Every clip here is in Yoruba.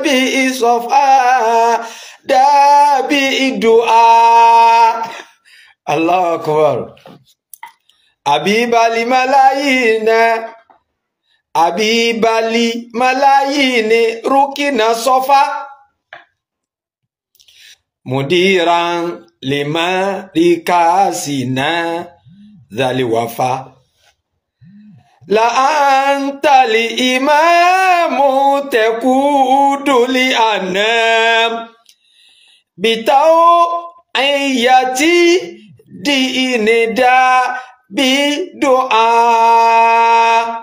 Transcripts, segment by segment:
dàbí ìsọfà dàbí ìdùà. Allahu akbar. Àbíbalì Máláyìnà Àbíbalì Máláyìnì Rúkìnà sọ́fà. Mùdíran lè má rí káàsì náà, Zaliwafa. لأنت الإمام تقود لأنام بتوعية دين دا بدعاء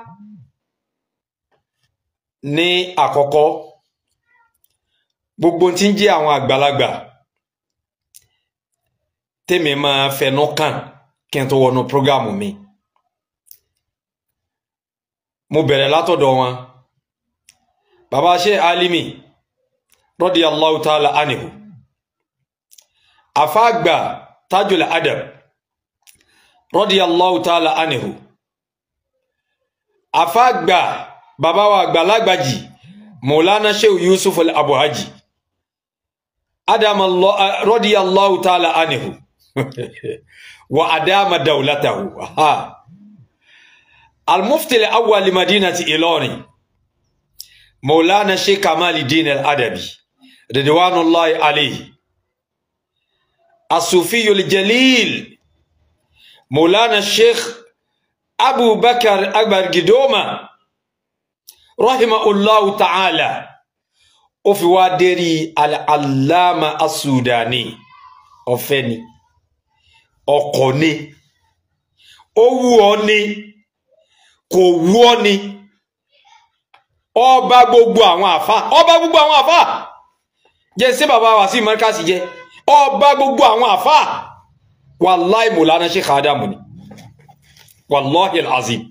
ní àkọ́kọ́ gbogbo tí ń jẹ́ àwọn àgbàlagbà tèmi máa fẹnu kàn kí n tó mi mo bẹ̀rẹ̀ látọ̀dọ̀ wọn bàbá ṣe alimi radiyallahu ta'ala anhu àfáàgbà tajul adab radiyallahu ta'ala anhu àfáàgbà bàbá wa àgbà lágbàjì mọ̀lánà sheu yusuf al-abuhaji adam radiyallahu ta'ala anhu wa adama daulatahu aha. المفتي الأول لمدينة إيلوري مولانا شيخ كمال الدين الأدبي رضوان الله عليه الصوفي الجليل مولانا الشيخ أبو بكر أكبر قدومة رحمه الله تعالى وفي وادري العلامة السوداني أفني أقني ووني kò wú ọ ni ọba gbogbo àwọn àfa ọba gbogbo àwọn àfa jẹ ṣé bàbá wa sí mọ́ríkàsì jẹ ọba gbogbo àwọn àfa wàláì mọ̀lánà Sheikh Adamu ni wàláì azim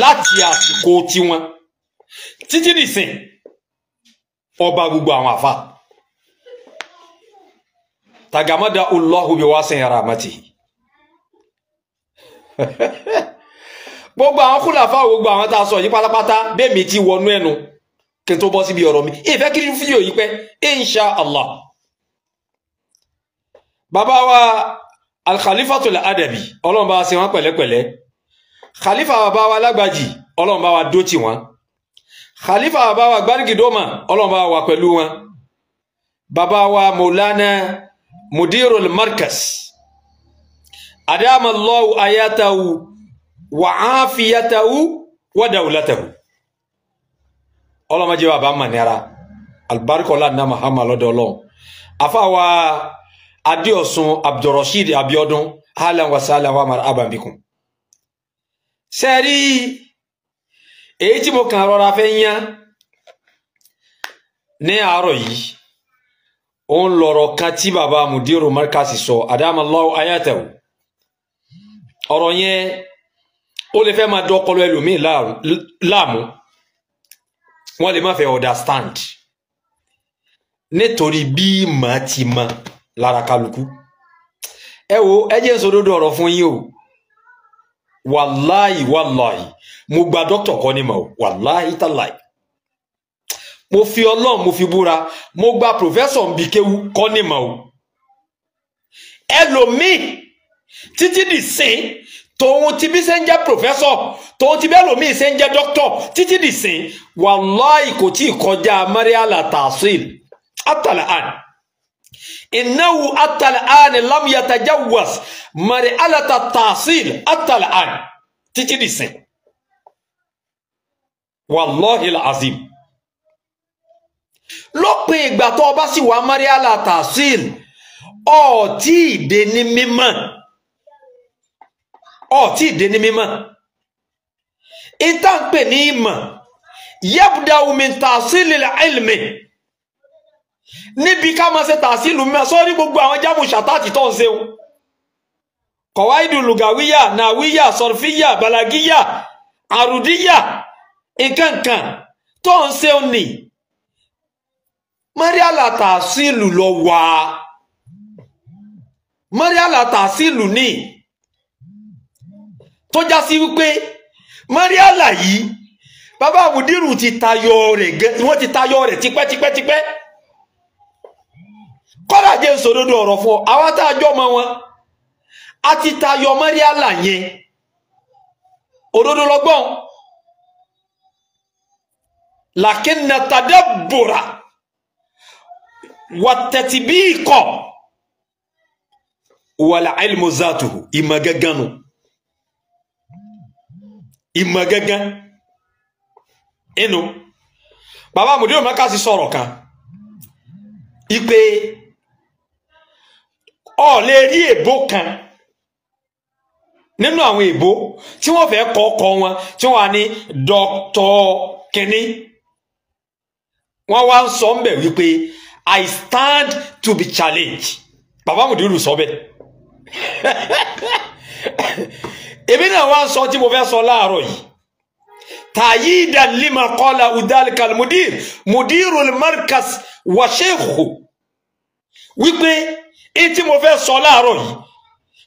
láti àsìkò tiwọn títí nìsín ọba gbogbo àwọn àfa tagamada Allahu bi wasi'i rahmatihi gbogbo àwọn kúlàfà gbogbo àwọn tá a sọ yìí pátápátá bẹ́ẹ̀ mi ti wọnú ẹnu kí n tó bọ́ síbi ọ̀rọ̀ mi ìfẹ́ kí fídíò yìí pẹ́ insha allah bàbá wa alkhalifatul adabi ọlọ́run bá wa ṣe wọ́n pẹ̀lẹ́pẹ̀lẹ́ khalifa bàbá wa lágbàjì ọlọ́run bá wa dó tì wọ́n khalifa bàbá wa gbárigidoma ọlọ́run bá wa pẹ̀lú wọn bàbá wa maulana mudirul markas adamallahu ayatahu wa wà áfíyàtàwù wàdàwùlàtàwù ọlọmọdé wa bá ń mànìyàrá alibarikọlá nà mahama lọ́dọ̀ Ọlọ́run afáwa adéọsùn abdulrasheed abiodun hàlàn wàsálà wà mara abambikun sẹẹrí èyí tí mo kàn rọra fẹ́ yán ní àárọ̀ yìí ó ń lọ̀rọ̀ kan tí baba mudiru markasi sọ adamallahu ayatahu ọ̀rọ̀ yẹn ó lè fẹ́ máa dọ́kọlọ ẹlòmíì láàmú wọ́n lè má fẹ́ understand nítorí bí ìmọ̀ ti mọ lára kálukú ẹ wo ẹ jẹ́ sòdodo ọ̀rọ̀ fún yín o wàláì wàláì mo gba dókítà kọ́ ni mọ̀ wàláì tàláì mo fi ọlọ́run mo fi búra mo gba pòfẹ́sọ̀ Mbikewu kọ́ ni mọ̀ o ẹlòmíì títí dì sìn tòun ti bí ṣe ń jẹ́ pòfẹ́sọ̀ tòun ti bẹ́ẹ̀ lómi ṣe ń jẹ́ dókítọ̀ títí dìsìn wàláì kò tí ì kọjá mariala tahsil atalaan innahu atalaan lam yatajawaz mariala tahsil atalaan títí dìsìn wàláhi azim lópin ìgbà tó o bá sì mariala tahsil ọ̀ tí ì dé ní mímọ́ ọtí ìdè ní mímọ̀ ìtànpè ní ìmọ̀ yẹ́bùdá omi tàṣílì ilmi níbi ká máa ṣe tàṣílù mọ́ sọ́rí gbogbo àwọn jámù ṣàtàtì tó ń ṣe o kọ̀wáìdù lùgàwíyà nàwíyà sọ̀rọ̀fíyà balagíyà àrùdíyà nkankan tó ń ṣe o nì mọ́ríàlà lọ wà mọ́ríàlà tàṣílù nìí tó já sí wípé mọ́ríàlà yìí bàbá àmùdírù ti tayọ rẹ̀ wọ́n ti tayọ rẹ̀ tipẹ́tipẹ́tipẹ́ kọ́dà jẹ́ ìṣòdodo ọ̀rọ̀ fún ọ àwọn tá a jọ mọ wọn a ti tayọ mọ́ríàlà yẹn òdodo lọ́gbọ́n lakinna tadabbura watatibiko wal ilmu zatuhu ìmọ̀ gẹ́gẹ́ nù. No ima gẹgẹ inu baba mo dio soro kan ipe o le ri ebo kan ninu awon ebo ti won fe ko ko won ti won ni doctor kini won wa so nbe wi i stand to be challenged baba mo dio so be èmi náà wá ń sọ tí mo fẹ́ sọ láàárọ̀ yìí tàyídà lima kọ́lá udalika mudir mudiru markas washehu wípé èyí tí mo fẹ́ sọ láàárọ̀ yìí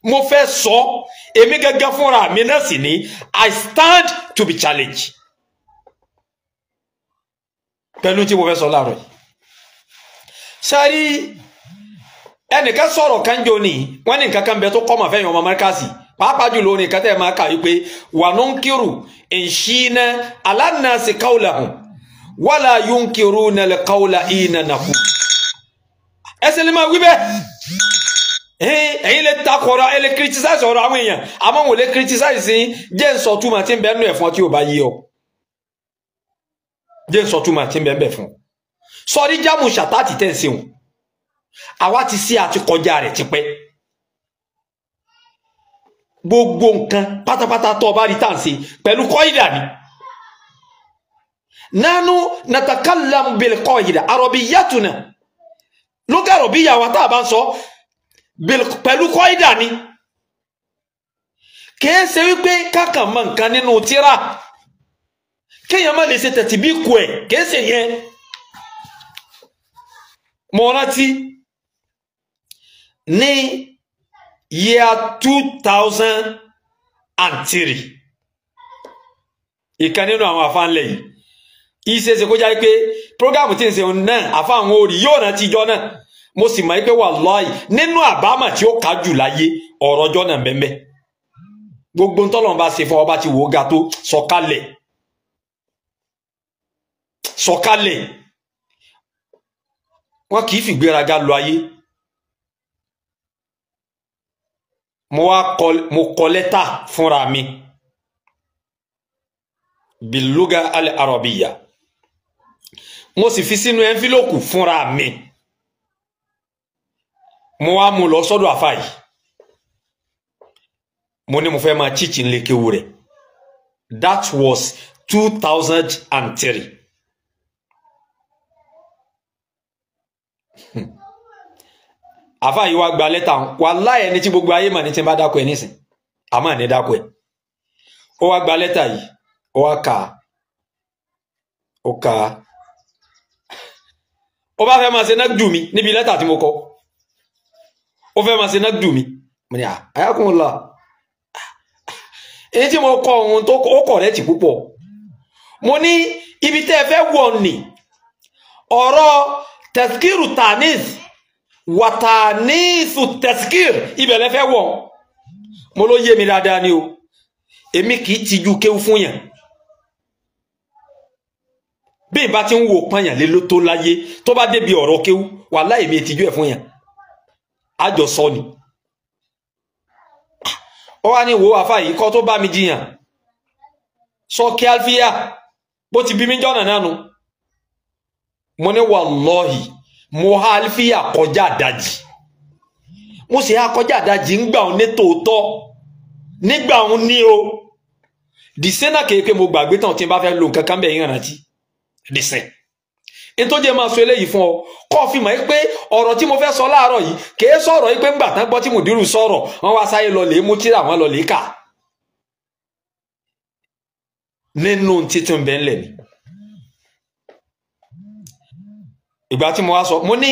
mo fẹ́ sọ èmi gẹ́gẹ́ fúnra mi náà sì ni I stand to be challenged pẹ̀lú tí mo fẹ́ sọ láàárọ̀ yìí sáré ẹnìkan sọ̀rọ̀ kanjo ni wọ́n ní nǹkan kan bẹ tó kọ́ mọ̀ fẹ́yìn ọmọ mẹ́ríkà sí i pàápàá jùlọ orin kan tẹ́ máa kà wípé wànú ń kírù ìṣínà alánàásì káwùlà hàn wàlà yóò ń kírù nàlẹ̀ káwùlà ìnà nàkú. ẹsẹ̀ lè máa wí bẹ́ẹ̀ ẹ̀yin lè takọ̀rọ̀ ẹ lè criticize ọ̀rọ̀ àwọn èèyàn àmọ́ wọn lè criticize sí jẹ́ ń sọ túmọ̀ tí ń bẹ́ẹ̀ nù ẹ̀ tí ò bá yé ọ jẹ́ ń tí ń bẹ́ẹ̀ bẹ́ẹ̀ fún sọrí jámù ṣàtàtì tẹ̀ ń àwa ti sí àti kọjá rẹ̀ tipẹ́ gbogbo nǹkan pátápátá tó o bá rí tá à ń ṣe pẹ̀lú kọ́ìdà ni nanu natakallamu bil kọ́ìdà arọ̀bíyàtùnà lókè arọ̀bíyà wa tá a bá ń sọ pẹ̀lú kọ́ìdà ni kìí ṣe wípé kákan mọ nǹkan nínú tíra kéèyàn má lè ṣe tẹ̀tì bí ku ẹ̀ kìí ṣe yẹn mo ní year two thousand and three ìkan nínú àwọn àfáànlẹ̀ yìí ìṣeéṣe kó jáde pé program tí ń ṣe náà àfáàwọn orí yóò rántí ijọ́ náà mo sì mọ̀ pé wàláì nínú àbámà tí ó ká jù láyé ọ̀rọ̀ ọjọ́ náà bẹ́ẹ̀ gbogbo ntọ́lọ́n bá ṣe fún ọba tí wò ó ga tó sọ̀kalẹ̀ sọ̀kalẹ̀ wọn kì í fìgbéraga lọ ayé mo wá kọ mo kọ lẹ́tà fúnra mi biluga ali arabiya mo sì fi sínú ẹnfílòkù fúnra mi mo wá mú lọ sọ́dọ̀ àfa mo ní mo fẹ́ máa chichi nílé kéwu rẹ̀ that was two thousand and three. Hmm àfa yìí wá gba lẹ́tà ọ̀hún wàláhì ẹni tí gbogbo ayé mọ̀ ní ti bá dákọ̀ ẹ̀ nísìn àmọ́ ní dákọ̀ ẹ̀ ó wá gba lẹ́tà yìí ó wá kà á ó kà á ó bá fẹ́ máa ṣe náà dù mí níbi lẹ́tà tí mo kọ ó fẹ́ máa ṣe náà dù mí mo ní àyàkùnlá èyí tí mo kọ ohun tó ó kọ̀ rẹ́tì púpọ̀ mo ní ibi tẹ́ ẹ fẹ́ wọ̀ ni ọ̀rọ̀ tẹ̀síkìrù tanis wàtàníìsù tẹ̀síkìr ibẹ̀ lẹ́fẹ́ wọ̀ mo ló yé mi dáadáa ni o èmi kì í tijú kéwú fún yàn bí ìbá ti ń wo pààyàn lé ló tó láyé tó bá débi ọ̀rọ̀ kéwú wàláhì èmi ìtijú ẹ̀ fún yàn àjọ sọ ni ó wá ní wo àfa yìí kọ́ tó bá mi jiyàn sọ kí alfiya bó ti bí mi jọ́nà náà mo ní wàlọ́hìí mo ha alifíyà kọjá àdájì mo sì há kọjá àdájì ńgbà òun ní tòótọ́ nígbà òun ní o di kéèké mo gbàgbé tán tí n bá fẹ́ lo nǹkan kan bẹ́ẹ̀ yín rántí dìsẹ́n máa sọ eléyìí fún ọ kọ́ fi mọ̀ pé ọ̀rọ̀ tí mo sọ láàárọ̀ yìí kèé sọ̀rọ̀ pé ńgbà tán gbọ́ tí sọ̀rọ̀ wọn lọ lèé mú wọn lọ lèé kà nínú títún ìgbà tí mo wá sọ mo ní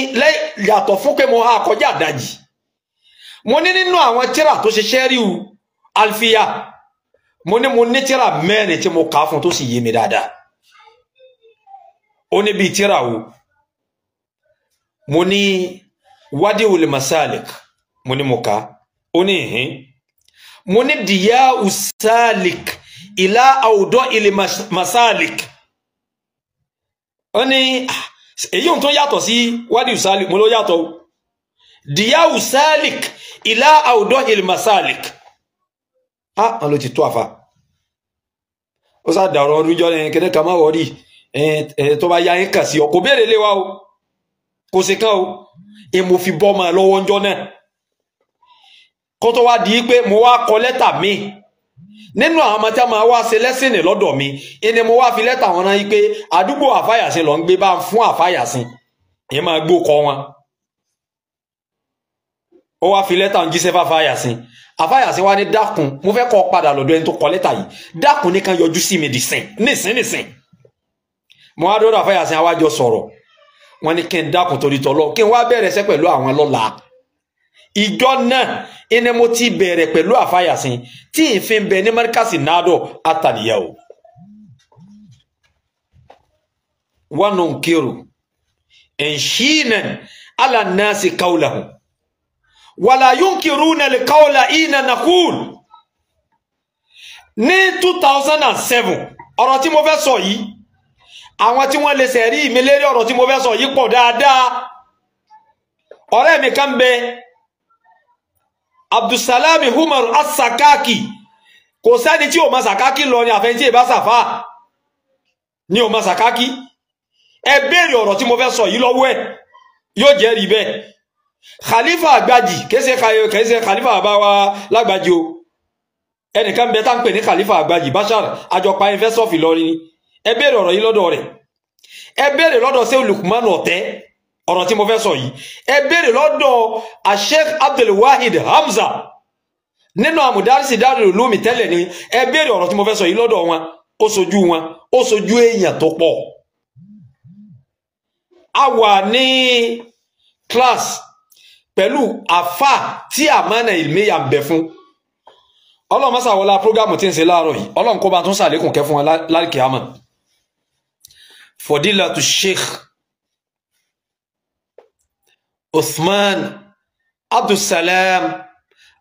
yàtọ̀ fún pé mo há kọjá àdájì mo ní nínú àwọn tíra tó ṣe ṣẹ́ríù alfiya mo ní mo ní tíra mẹ́rin tí mo kà á fún tó sì yé mi dáadáa ó ní bíi tíra wo mo ní wádìí olè masalik mo ní mo kà ó ní ìhín mo ní dìyà usalik ìlà àwùdọ ilé masalik ó ní ah, èyí ohun tó yàtọ̀ sí wádìí salik mo ló yàtọ̀ diyahu salik ilá àwùdọ́ ilmasalik a wọn ló ti tó àfa ó sá dàrọ ọdún jọ ẹ kẹdẹ ká wọrí ẹ tó bá ya ẹ kà sí ọ kò béèrè lé wa o kò sí kan o ẹ mo fi bọ́ ọmọ lọ́wọ́ ọjọ́ náà kó tó wá di pé mo wá kọ lẹ́tà míì nínú àwọn ọmọ tí a máa wá ṣe lẹ́sìnì lọ́dọ̀ mi ìní mo wá fi lẹ́tà wọn rán yín pé àdúgbò àfàyàsìn lọ ń gbé bá ń fún àfàyàsìn ìyẹn máa gbó kọ wọn ó wá fi lẹ́tà ń jíṣẹ́ fàfàyàsìn àfàyàsìn wá ní dákun mo fẹ́ kọ́ padà lọ́dọ̀ ẹni tó kọ lẹ́tà yìí dákun nìkan yọjú sí mi dìsìn nìsín nìsín mo wá dọ́dọ̀ àfàyàsìn àwájọ sọ̀rọ̀ wọn ni kí n dákun torí tọ́lọ́ kí n wá bẹ̀rẹ̀ sẹ́ pẹ̀lú àwọn lọ́la ìjọ náà ẹni mo ti bẹ̀rẹ̀ pẹ̀lú àfàyàsìn tí ìfin bẹ ní mẹ́ríkàsì náàdọ̀ àtàníyàwó. wọn ò kérò ẹ̀ṣínà alànàṣì káwùlàhùn wàlà yónkìrú nàlẹ́ káwùlà ìnà nàkúl ní two thousand and seven ọ̀rọ̀ tí mo fẹ́ sọ yìí àwọn tí wọ́n lè sẹ̀rí mi ọ̀rọ̀ tí mo fẹ́ sọ yìí pọ̀ dáadáa ọ̀rẹ́ mi kan bẹ́ẹ̀ abdulsalami umar asakaki kò sẹ́ni tí ò mọ sàkákì lọ ni àfẹnjí ìbá sàfà ni ò mọ sàkákì ẹ béèrè ọ̀rọ̀ tí mo fẹ́ sọ yìí lọ́wọ́ ẹ̀ yóò jẹ́ rí bẹ́ẹ̀ khalifa àgbàjì kèsè kèsè khalifa abawa lágbàjì o ẹnìkan bẹ tá ń pè ní khalifa àgbàjì bashar àjọpá ẹnfẹ́ sọ́ọ̀fì lọ́rin ẹ béèrè ọ̀rọ̀ yìí lọ́dọ̀ rẹ̀ ẹ béèrè lọ́dọ̀ sẹ́wọ̀n lukman ọ̀tẹ́ ọ̀rọ̀ tí mo fẹ́ sọ yìí ẹ béèrè lọ́dọ̀ Sheikh Abdulwahid Hamza nínú àmùdárísì dáríò lómi tẹ́lẹ̀ ni ẹ béèrè ọ̀rọ̀ tí mo fẹ́ sọ yìí lọ́dọ̀ wọn ó sojú wọn ó sojú èèyàn tó pọ̀ a wà ní class pẹ̀lú àfà tí àmánà ìlmíyà ń bẹ fún ọlọ́run mọ́sàwọlá prógámù tí ń ṣe láàárọ̀ yìí ọlọ́run kó bá tún ṣàlékún kẹ́ fún wọn lálùkìyàmọ̀ fọdílà tu Sheikh Uthman Abdussalam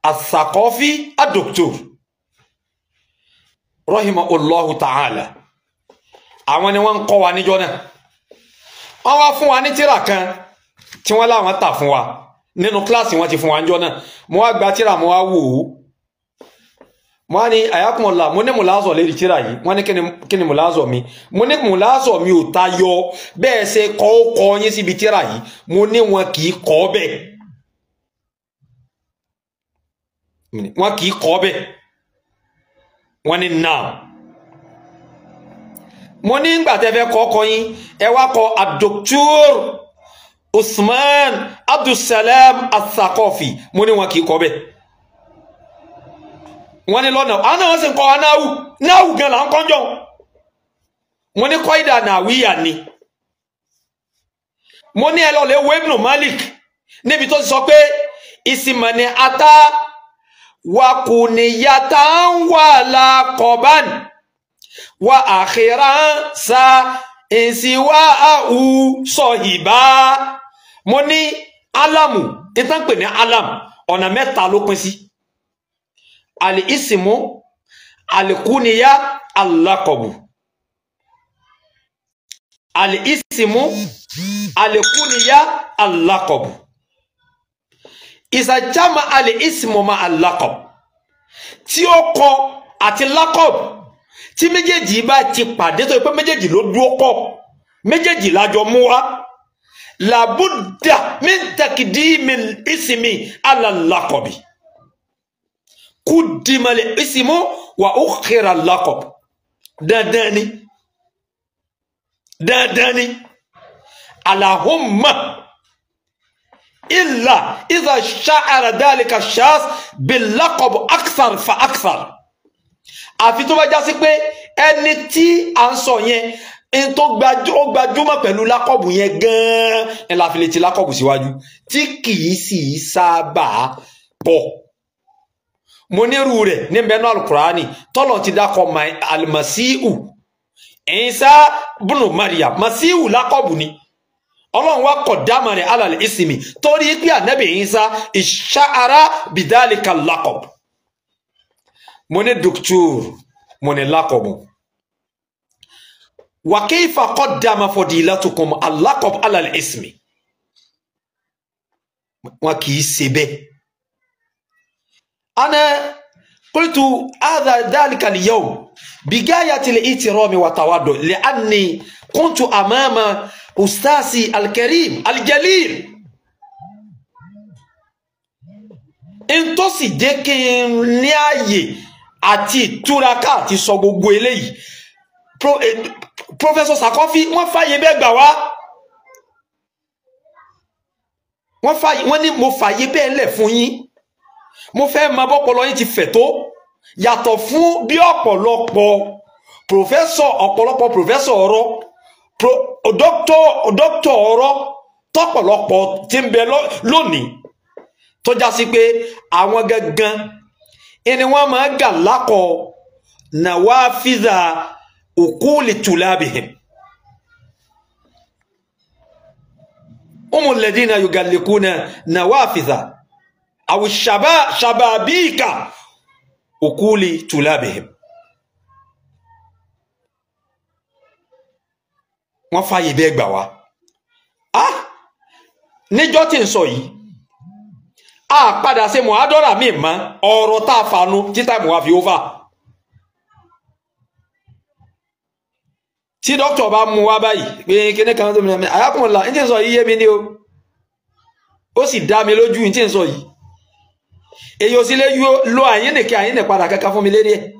Al-Thaqafi Al-Doktor rahimahullahu ta'ala àwọn ni wọ́n ń kọ́ wa níjọ́ náà wọ́n wá fún wa ní kan tí wọ́n láwọn tà wa nínú kíláàsì wọn ti fún wa níjọ́ gba tíra mo wá wọ́n ní àyàkùnmọ̀lá mo ní mùláàzọ̀ lè rìtírà yìí wọ́n ní kí ni mùláàzọ̀ mi mo ní mùláàzọ̀ mi ò tayọ bẹ́ẹ̀ ṣe kọ́ ó kọ́ yín síbi tírà yìí mo ní wọn kì í kọ́ bẹ́ẹ̀ wọn kì í kọ́ bẹ́ẹ̀ wọ́n ní náà mo ní ń gbàtẹ́fẹ́ kọ́ kọ́ yín ẹ wá kọ́ adoktur Usman Abdulsalam Asakọ́fì mo ní wọn kì í kọ́ bẹ́ẹ̀ wọ́n ní lọ́nà àwọn náà wọ́n sì ń kọ́ wa náàwù náàwù gan là ń kọ́jọ́ wọ́n ní kọ́ìdà nàwíyà ni mo ní ẹ lọ lè wo Malik níbi tó ti sọ pé ìsìnmọ̀ ni ata wakuniyata ń wà lákọ̀ọ́bán wa àkìrán sa ìsìnwá àwù sọ̀hìbá mo ní alamu ìtàn pè ní alam ọ̀nà mẹ́ta ló pín sí. Si alìísìmú alìkúniyá alákọ̀bù alìísìmú alìkúniyá alákọ̀bù ìsàjámà alìísìmú ma alákọ̀bù tí ó kọ àti lákọ̀bù tí méjèèjì bá ti pàdé tó pé méjèèjì ló dúró kọ méjèèjì lájọ mú wá làbúdà mí takìdí mi ìsìmí alàlákọ̀bì kúdìmọ̀lì ìsìmọ́ wà ó kẹra lakọp dandan ni dandan ni alahumma illa iza ṣa'ara dalika ṣaas bil lakọp aksar fa aksar àfi tó bá já sí pé ẹni tí a ń sọ yẹn n tó gbajúmọ̀ pẹ̀lú lákọ̀bù yẹn gan-an ẹ̀ lè ti lákọ̀bù síwájú tí kì í sì í sábà pọ̀ mo nírú rẹ̀ ní mẹ́nu alukurani tọ́lọ̀ ti dákọ̀ alimasiu Ìsá bùnú Maryam masiu lákọ̀bù ni ọlọ́run wa kọ̀ dáàmà rẹ̀ alàlẹ́ ìsinmi torí pé ànábì Ìsá ìṣàárá bìdálíkà lákọ̀bù mo ní dùkútùr mo ní lákọ̀bù wàkéyìfà kọ́ dáàmà fọ̀dìlátùkùn alákọ̀bù alàlẹ́ ìsinmi wọn kì í ṣe bẹ́ẹ̀. أنا قلت هذا ذلك اليوم بغاية الاحترام والتواضع لأني كنت أمام أستاذي الكريم الجليل n tó sì jẹ́ kí n ní ààyè àti ìtúraká àti sọ gbogbo eléyìí eh, Professor Sakofi wọ́n fàyè bẹ́ẹ̀ gbà wá wọ́n ní mo mo fẹ́ mọ bọ́pọlọ yín ti fẹ̀ tó yàtọ̀ fún bí ọ̀pọ̀lọpọ̀ pòfẹ́sọ̀ ọ̀pọ̀lọpọ̀ pòfẹ́sọ̀ ọ̀rọ̀ dókítọ̀ ọ̀rọ̀ tọ̀pọ̀lọpọ̀ ti ń bẹ lónìí tó já sí pé àwọn gangan ni wọ́n máa gà lákọ̀ nàwáfíìsà òkúùlì tùlábìhìn. umul ladina أو الشباب شبابيك أكول طلابهم wọ́n fààyè bẹ́ẹ̀ gbà wá ah níjọ́ tí ń sọ yìí a padà ṣe muhadara mi mọ ọ̀rọ̀ tá a fanu títà muha fi over tí dókítà bá mu wá báyìí pé kíní kan tó mi ní àyàkùn ọ̀la ní tí ń sọ yìí yé mi ní o ó sì dá mi lójú ní tí ń sọ yìí èyí ò sí lo àyín nìkẹ́ àyín nìpadà kankan fún mi lérí ẹ̀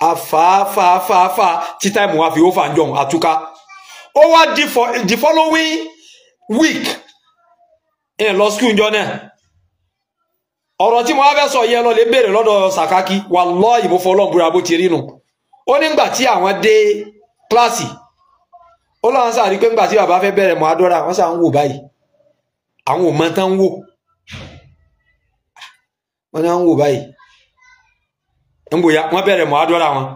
afáfáfáfá tí táìmù wa fi àtúká ó wá di the following week lọ school njọ náà ọ̀rọ̀ tí mo wá fẹ́ sọ yẹn lọ lè béèrè lọ́dọ̀ búra bó ti rí ó tí àwọn dé kíláàsì ó pé tí bàbá fẹ́ bẹ̀rẹ̀ mọ́ adọ́ra wọ́n ń wò báyìí wọ́n ní wọ́n ń wò báyìí ńgbòyà wọ́n bẹ̀rẹ̀ mọ̀ádọ́ra wọn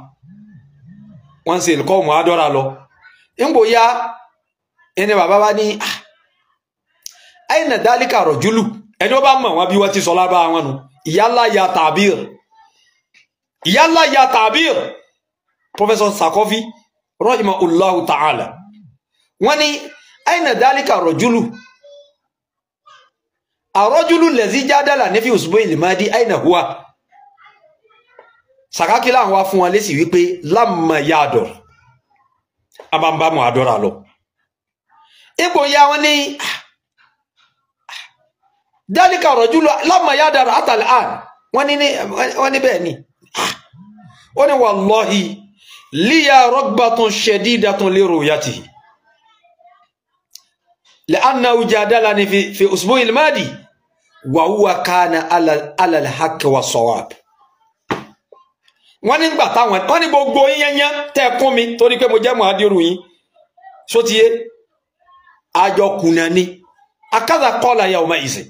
wọ́n ń ṣe ìlúkọ́ mọ̀ádọ́ra lọ ńgbòyà ẹni bàbá bá ní àyìnà dálíkà rọ̀júlù ẹni wọ́n bá mọ̀ wọ́n bí wọ́n ti sọ lábá wọn nù ìyálà ya tàbír ìyálà ya tàbír Professor Sakofi rahimahullahu ta'ala wọ́n ní àyìnà dálíkà rọ̀júlù àrọ́júlù lẹ̀zí jádàlà nífi òṣùbọ̀ ìlìmọ́dí àìnà hùwà sàkákí láwọn wá fún wọn lésì wípé lámà ya àdọ̀rọ̀ a máa ń bá mu àdọ́rà lọ. ipò ya wọn ní dálíkà àrọ́júlù lámà ya àdọ̀rọ̀ àtàlẹ́ àn wọ́n ní bẹ́ẹ̀ ni ó ní wàlọ́hì líya rọ́gbàtún ṣẹ̀dídàtún lérò yàtì lẹ́ànà ojàdàlà ní fi òṣùbọ̀ ìlìmọ́dí wàhùwà kana alal haqq wa sawab. wọ́n ní gbà táwọn wọ́n ní gbogbo yẹnyẹ tẹ́ kún mi torí pé mo jẹ́ muhadiru yín sotiye àjọ kùnà ni akádà kọ́là yà ọmọ ìsìn.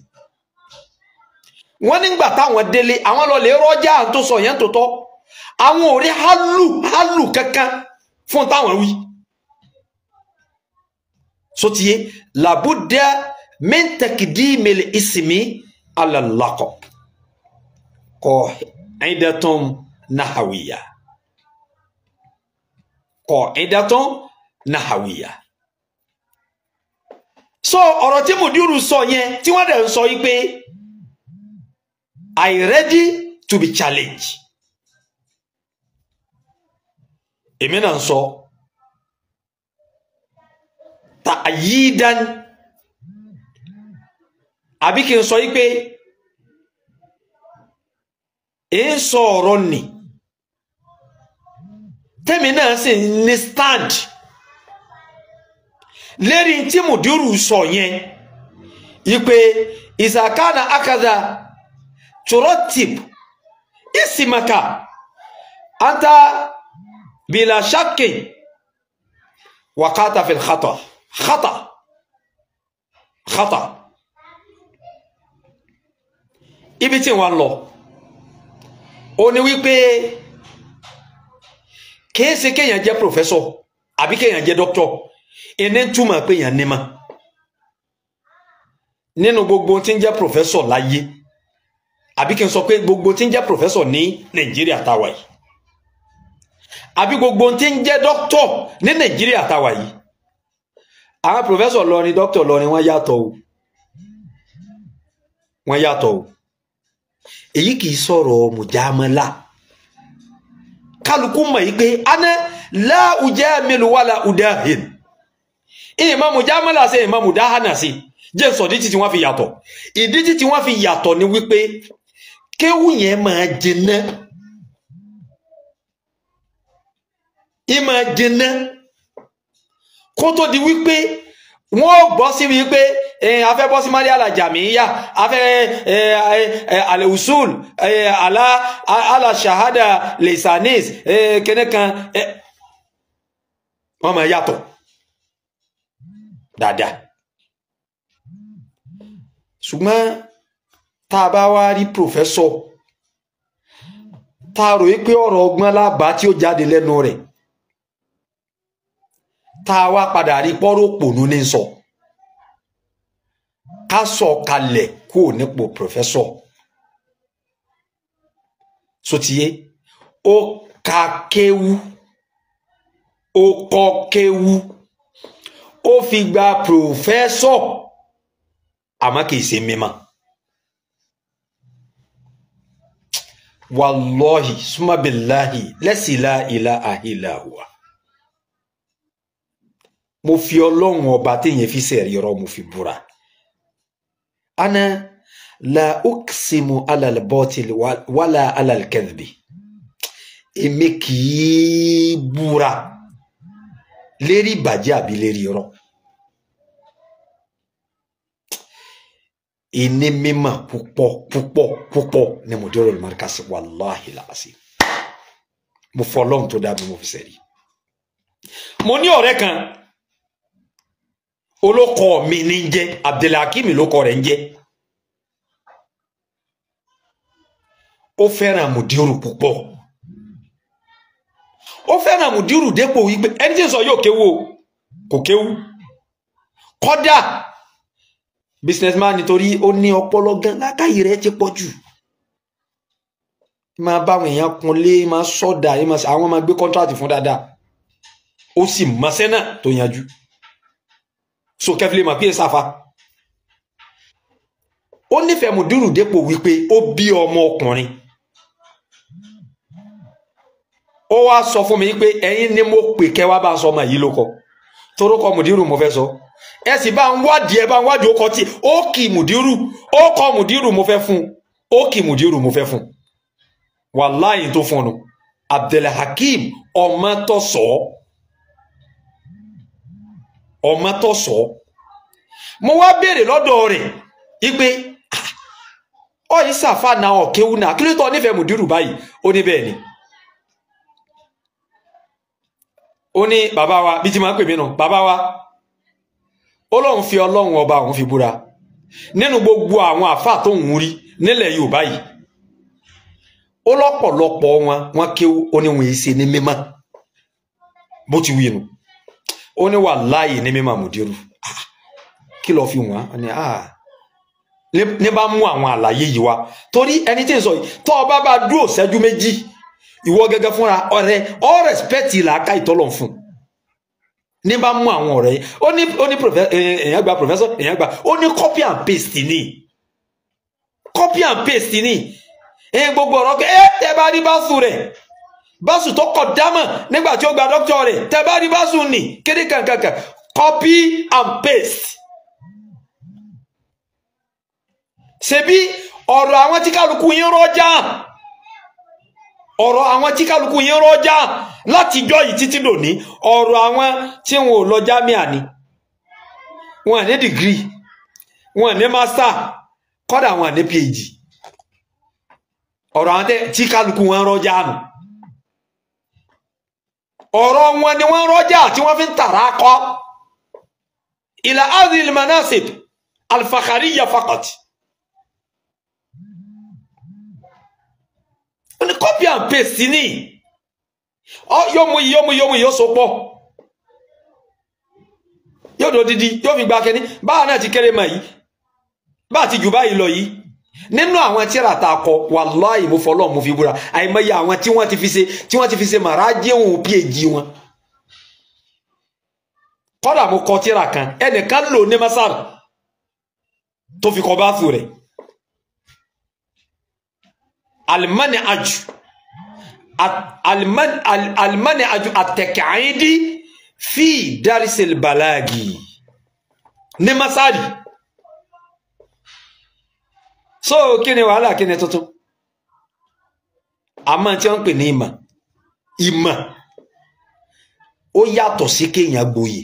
wọ́n ní gbà táwọn délé àwọn lọ lè rọ́jà tó sọ yẹn tó tọ́ àwọn ò rí hálù hálù kankan fún táwọn wí. sotiye làbúdà mẹ́ntẹ́kìdí mẹ́lẹ̀ ìsìnmi. على اللقب قاعدة نحوية قاعدة نحوية so ọrọ tí mùdírù sọ yẹn tí wọ́n dẹ̀ ń sọ yìí pé I ready to be challenged èmi náà ta sọ tàyídán àbí kí n sọ yí pé èyí sọ ọ̀rọ̀ nì tẹ́mi náà sì ní stand lérí tí mùdírù sọ yẹn ipe ìsàkánà akada turotip ìsìmaka anta bila ṣákè wàkátà fil khata khata khata. ibi tí wọ́n lọ ó ní wípé kìí ṣe kéèyàn jẹ́ professor àbí kéèyàn jẹ́ doctor ìní túmọ̀ péèyàn nímọ̀ nínú gbogbo tí ń jẹ́ professor láyé àbí kí n sọ pé gbogbo tí ń jẹ́ professor ní nàìjíríà táwa yìí àbí gbogbo tí ń jẹ́ doctor ní nàìjíríà táwa yìí àwọn professor lọ ni doctor lọ ni wọ́n yàtọ̀ o wọ́n yàtọ̀ o èyí kì í sọ̀rọ̀ mùjámọ́lá kálukú mọ̀ yìí pé aná láwùjẹ́ mélòwàlà udahin ìmọ̀ mùjámọ́lá sí ìmọ̀ mùdáhánà sí jẹ́ sọ díjì tí wọ́n fi yàtọ̀ ìdíjì tí wọ́n fi yàtọ̀ ni wípé kéwù yẹn máa jiná ìmọ̀ jiná kó tó di wípé wọ́n gbọ́ sí wípé. Eh, afẹ́ bọ́ sí mali alajamiya afẹ́ eh, eh, alewusul ala alashahada lesanis kene kan wọ́n máa yàtọ̀ dáadáa ṣùgbọ́n tá a bá wá rí pòfẹ́sọ̀ tá a rò yí pé ọ̀rọ̀ ọgbọ́n lábá tí ó jáde lẹ́nu rẹ̀ tá padà rí pọ́rọ̀ pònú ní sọ. So ká sọ̀kalẹ̀ kúrò nípò pòfẹ́sọ̀ sotiye ó ka kéwú ó kọ́ kéwú ó fi gba pòfẹ́sọ̀ àmọ́ kì í ṣe mímọ́. wallahi suma billahi lẹ́sìlá ilá àhìlá wa. mo fi ọlọ́run ọba téèyàn fi sẹ̀rí ọ̀rọ̀ mo fi búra ana لا uksimu على الباطل ولا على الكذب. èmi kì ليري búra lérí ìbàjẹ́ àbí lérí irọ́ ìní mímọ̀ púpọ̀ púpọ̀ púpọ̀ ni mo dúró lùmọ́ríkàsí wàláhì làásì mo fọ́ ọlọ́run tó dá fi sẹ́rí mo ní ọ̀rẹ́ kan olókọ mi ní ń jẹ́ Abdulhakeem lókọ rẹ̀ ń jẹ́ ó fẹ́ràn Mudiru púpọ̀ ó fẹ́ràn Mudiru dépò wípé ẹni tí ń sọ yóò kéwu kò kéwu kọ́dà businessman nítorí ó ní ọpọlọ gan lákàyè rẹ̀ ti pọ̀ jù máa báwọn èèyàn kunlé máa sọdà àwọn máa gbé kọńtráàtì fún dáadáa ó sì mọṣẹ náà tó yanjú. so kefle ma pie safa o ni fe depo wi o bi omo okunrin o wa so fun mi pe eyin ni mo pe ke wa ba so mo yi loko toro ko mudiru mo fe so e si ba nwa die ba nwadi o ko ti o ki mudiru o ko mudiru mo fe fun o ki mudiru mo fun wallahi to fun no abdul hakim omo to so ọmọ tó sọ mo wá béèrè lọdọ rẹ̀ ipe ọyìn sàfànà ọ̀kéwù náà na ló tọ́ nífẹ̀ẹ́ mùdírù báyìí ó ní bẹ́ẹ̀ ni ó ní bàbá wa bí ti máa ń pè mí nù bàbá wa ó lóun fi ọlọ́run ọba òun fi búra nínú gbogbo àwọn àáfàá tó ń rí nílẹ̀ yorùbá yìí ó lọ́pọ̀lọpọ̀ wọn wọn kéwú ó ní wọn èsì ní mímọ́ bó ti wí nù ó ní wàláhì ní mímọ̀ mùdírù ah, kí ló fi wọ́n ni ah, ní bá mú àwọn àlàyé yìí wá torí ẹni tí ń sọ yìí tó o bá bá dúró ṣẹ́jú méjì ìwọ gẹ́gẹ́ fúnra ọ̀rẹ́ ọ rẹ̀spẹ̀tì làákà ìtọ́lọ̀ fún ní bá mú àwọn ọ̀rẹ́ yìí ó ní ó ní eh, eh, èèyàn gba professor èèyàn gba ó ní copy and paste ni copy and paste ni gbogbo ọ̀rọ̀ kẹ́ ẹ́ eh, tẹ́ bá rí bá sùn rẹ̀ báṣu tó kọ̀ dámọ̀ nígbà tí ó gba dókítà rẹ̀ bá nì kankankan copy and paste. ṣebí ọ̀rọ̀ àwọn tí kálukú yín ọ̀rọ̀ àwọn tí kálukú yín yìí títí ni wọn ní dìgírì wọn ní ọ̀rọ̀ wọn ni wọ́n rọ́jà tí wọ́n fi ń tàrà kọ́ ilà azil manasib alfakhariya fakat ó ní copy and paste ní yọmu yìí yọmu yọmu yìí ó so pọ̀ yóò dòdìdí yóò fi gba kẹni báwa náà ti kéré mọ̀ yìí báà ti jù báyìí lọ yìí nínú àwọn tíra tá a kọ wàláì mo fọlọ́ mo fi búra àìmọye àwọn tí wọ́n ti fi ṣe tí wọ́n ti fi ṣe màrájẹ́hùn phd wọn kọ́dà mo kọ tíra kan ẹnìkan lò ní masar tó fi kọ báàsù rẹ̀ alimani aju alimani alimani aju atẹkẹ́ayíndí fi dárísẹ̀ balagi ní masari so kí ni wàhálà kí ni tuntun àmọ́ tí wọ́n ń pè ní ìmọ̀ ìmọ̀ ó yàtọ̀ sí kéèyàn gboyè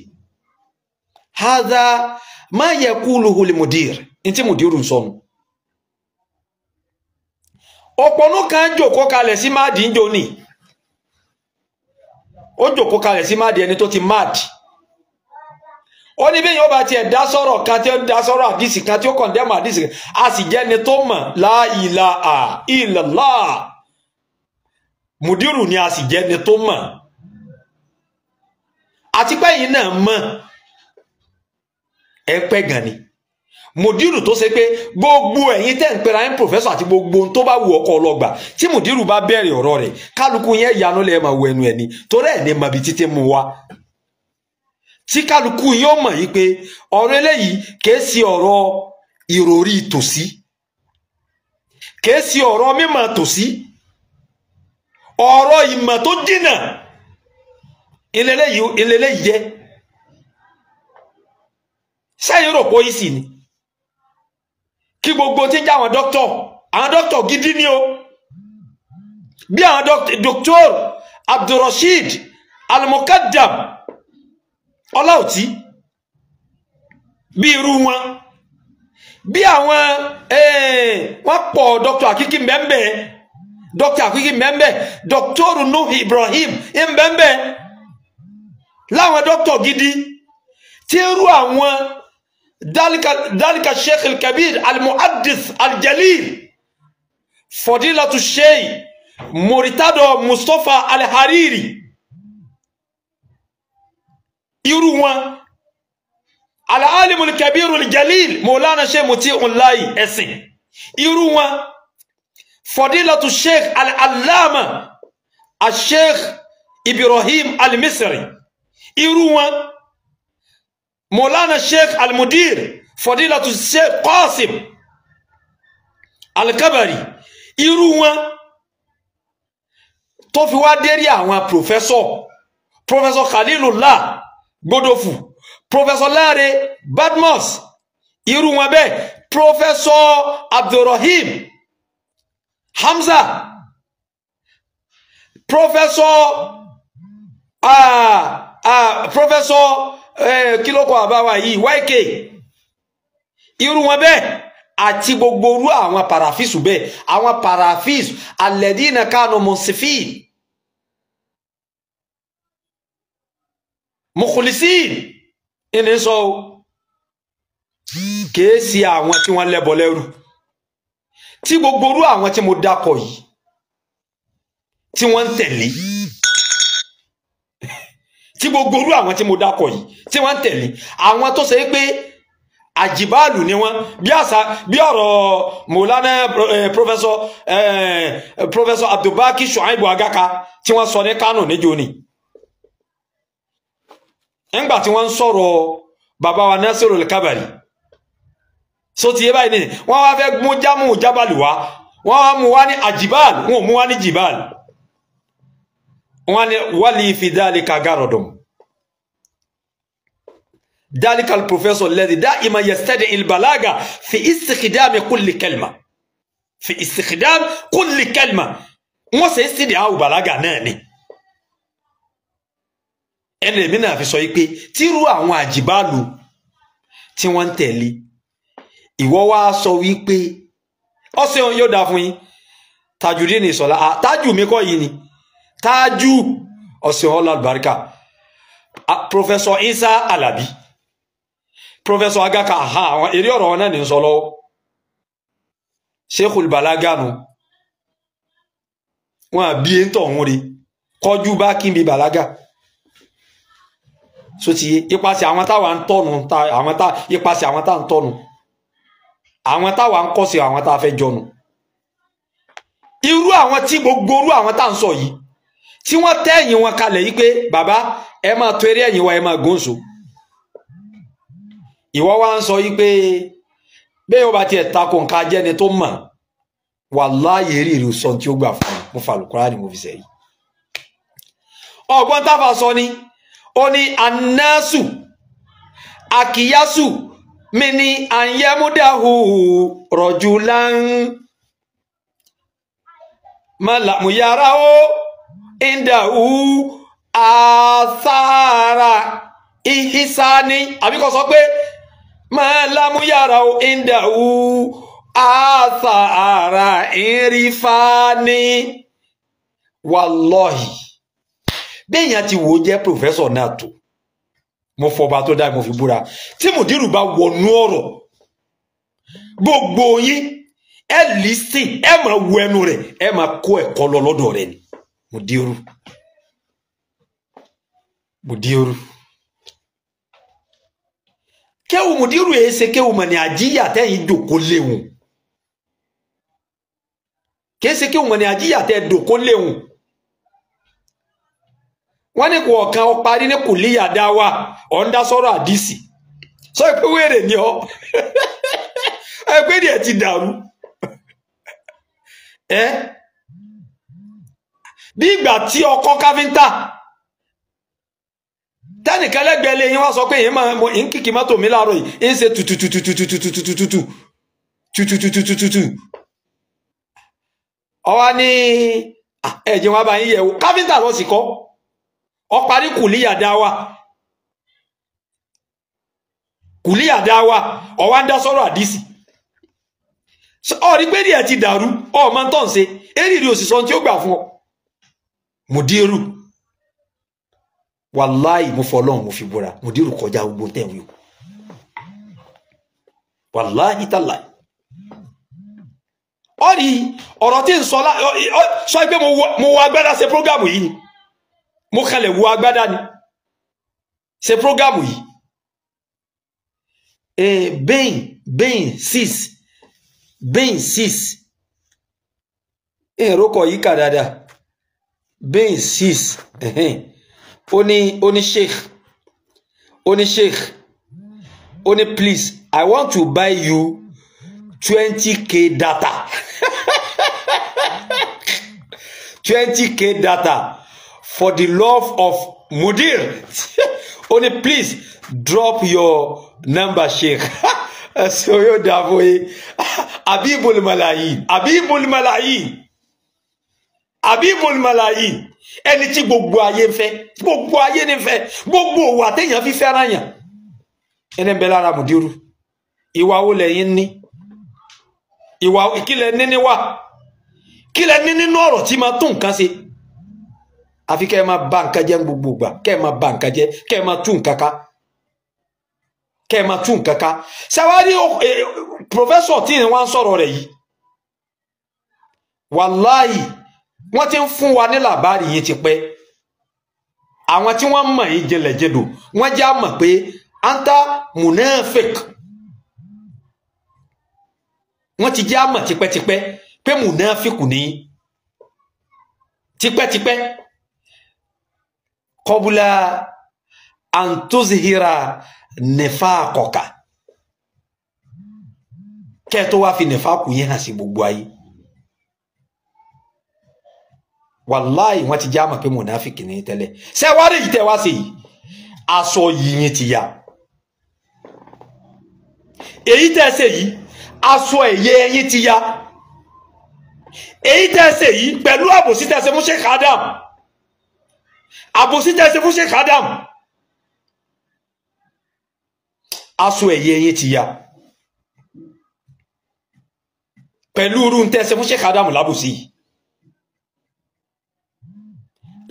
hadha ma yaquluhu limudir ní tí mudir ń sọnù ọ̀pọ̀nú kan jòkó kalẹ̀ sí máàdì ń jò ní ó jòkó kalẹ̀ sí máàdì ẹni tó ti máàdì ó ní bí yóò bá tiẹ̀ dá sọ̀rọ̀ kan tí ó dá sọ̀rọ̀ àdìsí kan tí ó kọ̀ndẹ́mù àdìsí kan a sì jẹ́ni tó mọ̀ láìla à ìlàlá mùdírù ni a sì jẹ́ni tó mọ̀ àti pé yìí náà mọ̀ ẹ pẹ́ gan ni mùdírù tó ṣe pé gbogbo ẹ̀yin tẹ́ ń pera ẹ̀ ń pòfẹ́sọ̀ àti gbogbo ohun tó bá wù ọkọ̀ ọlọ́gbà tí mùdírù bá bẹ̀rẹ̀ ọ̀rọ̀ rẹ̀ kálukú yẹn yanu lẹ́ẹ̀ máa wọ ẹnu ẹni torí ẹ̀ ní màbí títí mu wa tí kálukú yóò mọ̀ yìí pé ọ̀rọ̀ eléyìí kìí sí ọ̀rọ̀ ìròrí tòsí kìí sí ọ̀rọ̀ mímọ̀ tòsí ọ̀rọ̀ ìmọ̀ tó jìnà ìlẹ́lẹ́yìí jẹ́ sẹ́yìn rò pé ìsì ni kí gbogbo tí ń jẹ́ àwọn dókítọ̀ àwọn dókítọ̀ gidi ni o bí àwọn dókítọ̀ Abdulrasheed al ọlá òtí bí irú wọn bí àwọn eh, wọn pọ̀ dr akíkí mbẹ́mbẹ́ dr akíkí mbẹ́mbẹ́ dr nuhu ibrahim mbẹ́mbẹ́ láwọn dr gidi tí irú àwọn dalika dalika sheikh alkabir almuhaddis aljalil fọdílàtú sheikh muritado mustapha alhariri irú wọn alaalimul kabirul jalil maulana sheikh muti'un lahi ẹ̀sìn irú wọn fadilatu sheikh al-allama al-sheikh ibrahim al-misri irú wọn maulana sheikh al-mudir fadilatu sheikh qasim al-kabari irú wọn tó fi wá dérí àwọn professor professor khalilullah Godofu, professor láre badmus irú wọn bẹ́ẹ̀ professor abdulrahim hamza professor Ah Ah professor uh, eh, kílókọ àbáwá yìí yk irú wọn bẹ́ẹ̀ àti gbogbo orú àwọn parafíìsù bẹ́ẹ̀ àwọn parafíìsù alẹ́dínà kánú mọ̀sífìlì Mukulisi ìní sọ o kìí ṣe àwọn tí wọ́n lẹ́bọ lẹ́rú tí gbogbo orú àwọn tí mo dákọ̀ yìí tí wọ́n ń tẹ̀lé tí gbogbo orú àwọn tí mo dákọ̀ yìí tí wọ́n ń tẹ̀lé àwọn tó ṣe é pé àjìbáàlù ni wọ́n bí àṣà bí ọ̀rọ̀ mọ̀lánà eh, professor eh, professor abdulbaki shuaibu agaka tí wọ́n sọ ní kánò níjó ni. Joni ńgbà tí wọ́n ń sọ̀rọ̀ bàbá wa Nasiru al-Kabari so ti yé báyìí nìyí wọ́n wá fẹ́ mú jámù jábàlì wá wọ́n wá mú wá ní àjìbáàl wọn ò mú wá ní jìbáàl wọ́n ní wálé fi dáàlì kagárọ̀dọ̀m dáàlì kal professor lẹ́dí dá ìmọ̀ yẹstẹ́dì ìlbàlágà fi ìsìkìdámi kúlì kẹlmà fi ìsìkìdámi kúlì kẹlmà wọ́n sì ń sìdí àwọn bàlágà náà ẹni èmi náà fi sọ yìí pé tírú àwọn àjìbáàlù tí wọ́n ń tẹ̀lé ìwọ wá sọ wípé ọsẹ òun yóò dáa fún yín Tajudeen Ìṣọ̀lá tájù mi kọ́ yìí ni tájù ọsẹ òun ọlá àlùbáríkà pọfẹsọ Isa Alabi pọfẹsọ Agaka aha àwọn eré ọ̀rọ̀ wọn náà ní sọ lọ́wọ́ Sheikhul Balaga nu wọn àbí ẹ̀ e ń tọ̀ ọ̀hún rí kọjú bá kí n bí Balaga. sotí ipasẹ̀ àwọn táwa ń tọ̀nù àwọn tá ipasẹ̀ àwọn tá ń tọ̀nù àwọn táwa ń kọ́sẹ̀ àwọn tá a fẹ́ jọnu irú àwọn tí gbogbo irú àwọn tá ń sọ yìí wọn kalẹ yìí pé baba ẹ máa tó eré wa ẹ máa gòǹso ìwọ wa ń sọ yìí pé bẹ́ẹ̀ yóò bá tiẹ̀ takò nǹkan ajẹ́ni tó mọ̀ wàláyé rí sọ tí ó gbà fún mi ni mo fi sẹ́yìn sọ ni. ó ní anásù àkíyásù mi ni àyẹmúdáhù rọ̀jù láń màlàmúyàrá ó ìdáhù àtàrà ìhísání àbíkọ sọ pé màlàmúyàrá ó ìdáhù àtàrà ìrìfání wàlọ́hìí béèyàn ti wò ó jẹ́ pòfẹ́sọ̀ náà tó mo fọba tó dáa mo fi búra tí mùdírù bá wọnú ọ̀rọ̀ gbogbo yín ẹ lísìn ẹ máa wo ẹnu rẹ̀ ẹ máa kó ẹ̀kọ́ lọ lọ́dọ̀ rẹ̀ ni mùdírù mùdírù kéwù mùdírù yìí ṣe kéwù mọ̀ ní àjíyà tẹ́yìn dòkó léwu kìí kéwù mọ̀ ní àjíyà tẹ́ dòkó léwu. wọ́n ní kọ̀ọ̀kan ó parí ní kùlíyà dáwà ọ̀ ń dá sọ́rọ̀ àdìsí sọ ni ọ́ ẹgbẹ́ díẹ̀ ti dàrú ẹ bí ọkọ káfíńtà tẹnìkan lẹ́gbẹ̀ẹ́ sọ pé ma máa ń kìkì mọ́tò yìí ṣe káfíńtà lọ ọ parí kuliya dáwà kùlíyà dáwà ọ wá ń dá sọ̀rọ̀ àdìsí ti daru ọ tó ń ṣe erìrì òṣìṣọ́ tí ó gbà mo fọlọ́run mo fi kọjá gbogbo tẹ̀wé o wàláì ọ ọ̀rí ọrọ tí n sọ pé mo wọ ni. mo kalẹ̀ wo agbádá ni ṣe prógámù yìí eh, bain bain six bain six ìrókọ̀ eh, yìí kà dada. bain six ó oni ó ní sheikh ó ní sheikh ó please I want to buy you twenty k data twenty k data for the love of mudir only please drop your number sheikh ẹsẹ yóò dà fún yín abibul malayi abibul malayi abibul malayi ẹni tí gbogbo ayé ń fẹ́ gbogbo ayé ń fẹ́ gbogbo òwò àtẹyàn fífẹ ara yàn ẹni bẹ lára mùdírù ìwà wo lẹ́yìn ní ìwà kí lẹ ní níwà kí lẹ ní nínú ọ̀rọ̀ tí máa tún nǹkan ṣe àfi kẹ́ ẹ máa bà nǹkan jẹ́ gbogbo gbà kẹ́ ẹ máa bà nǹkan jẹ́ kẹ́ ẹ máa tú nǹkan ká kẹ́ ẹ máa tú nǹkan ká ṣàwárí e, pòfẹ́sọ̀ tí wọ́n ń sọ̀rọ̀ rẹ̀ yìí wàláì wọ́n ti ń fún wa ní làbárì yìí ti pẹ́ àwọn tí wọ́n mọ̀ yìí jẹlẹ̀jẹdò wọ́n já mọ̀ pé anta munafik wọ́n ti já mọ̀ tipẹ́tipẹ́ pé munafik ni tipẹ́tipẹ́ kọbula antuzihira nifaqaka kẹ́ẹ̀tó wá fi nìfàkù yín hàn sí gbogbo ayé wàláì wọ́n ti já mọ̀ pé mùnáfíkì ní tẹ́lẹ̀ sẹ́wárí yìí tẹ́ wá sí yìí aṣọ yìnyín ti ya èyí tẹ́ yìí aṣọ ẹ̀yẹ ẹ̀yìn ti ya èyí tẹ́ yìí pẹ̀lú àbòsí tẹ́ mú Sheikh Adam àbòsí tẹ̀sí fún Sheikh Adam aṣọ ẹ̀yẹ yín ti ya pẹ̀lú irú tẹ̀sí fún Sheikh Adam lábòsí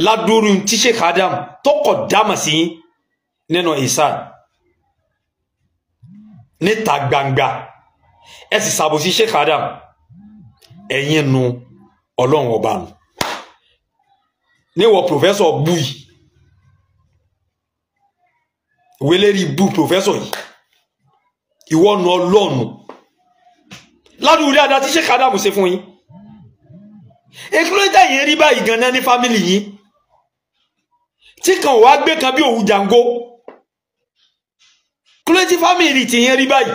ládùúrú tí Sheikh Adam tó kọ̀ dámà sí nínú ìsàn níta gbangba ẹ sì ṣàbòsí Sheikh Adam ẹ̀yin nu ọlọ́run ọba nù. Ne pòfẹ́sọ̀ professor bui, wélérí bu professor. yìí ìwọ nu ọlọ́ọ̀nù ládùúgbò dáadáa tí sèkà dàbò ṣe fún yín ekúlójà yìí rí báyìí ganan ní fámìlì yìí tí kan wàá gbé kan bí òwú jàǹgó kúlójì fámìlì tì yẹn rí báyìí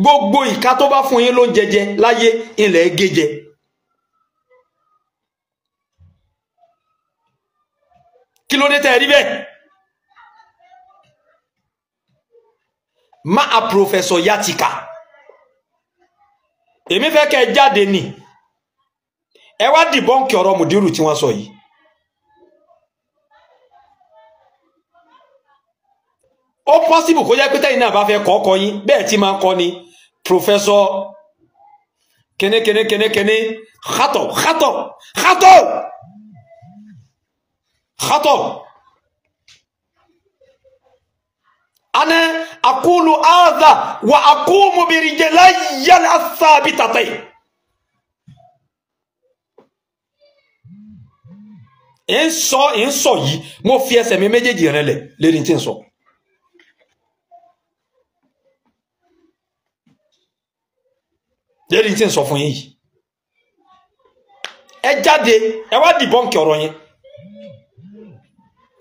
gbogbo ìka tó bá fún yín ló ń jẹjẹ ilẹ̀ gé kí ló dé tẹ́ rí bẹ́ẹ̀ má a pòfẹ́sọ̀ Yatika èmi fẹ́ kẹ́ ẹ jáde ni ẹ wá dìbọ́ǹkì ọ̀rọ̀ mùdírù tí wọ́n sọ yìí ó pọ́sibù kó jẹ́ pé tẹ́yìn náà bá fẹ́ kọ́ ọkọ yín bẹ́ẹ̀ tí máa ń kọ́ ni pòfẹ́sọ̀ kínní kínní kínní kínní خطب أنا أقول هذا وأقوم برجلي الثابتتين ń sọ ń sọ yìí mo fi ẹsẹ̀ mi méjèèjì rìn lẹ̀ lérí tí ń sọ. lérí tí ń sọ fún yín yìí ẹ jáde ẹ